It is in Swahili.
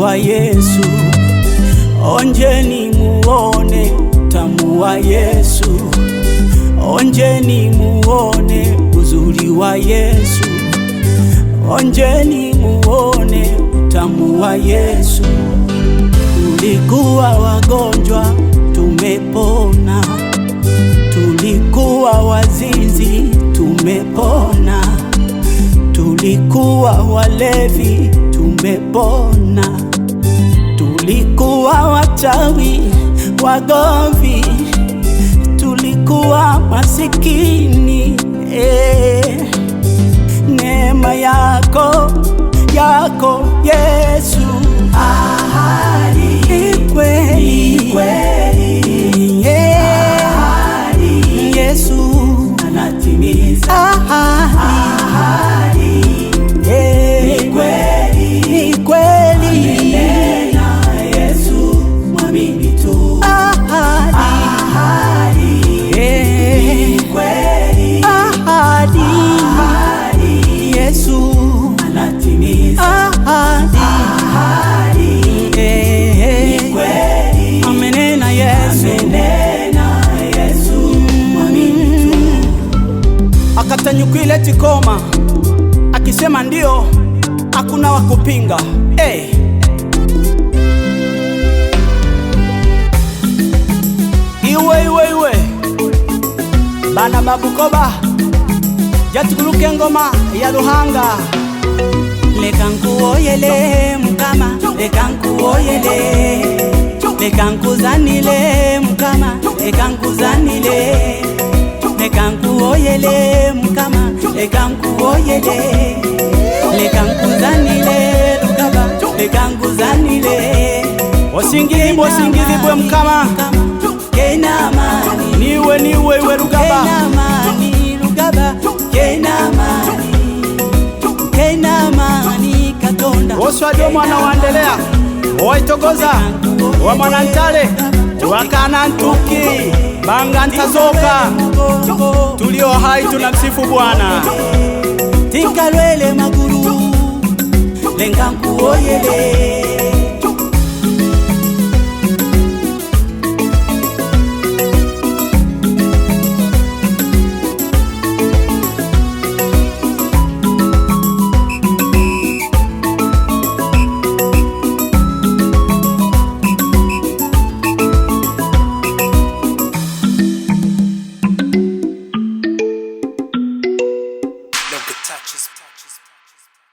wa Yesu, onjeni muone tamu wa Yesu, onjeni muone uzuri wa Yesu, onjeni muone utamu wa Yesu. Tulikuwa wagonjwa tumepona, tulikuwa wazizi tumepona, tulikuwa walevi tumepona wa wachawi, wagomvi, tulikuwa masikini eh. Neema yako yako Yesu Nyukwileti Tikoma akisema ndio, hakuna wa kupinga hey. Iwe iwe iwe bana babukoba jatukuluke ngoma ya Luhanga lekankuwoyele mukama lekankuwoyele lekankuzanile mukama lekankuzani leka nkuboyele leka nkuzanile lukaba leka nkuzanile osingizi bwe osingizi bwe mukama niwe niwe iwe lukaba oswadde omwana wandelea owaitogoza wa mwanantale wakanantuki Banga ntazoka tulio hai tunamsifu Bwana tinkalwele maguru lenga nkuoyele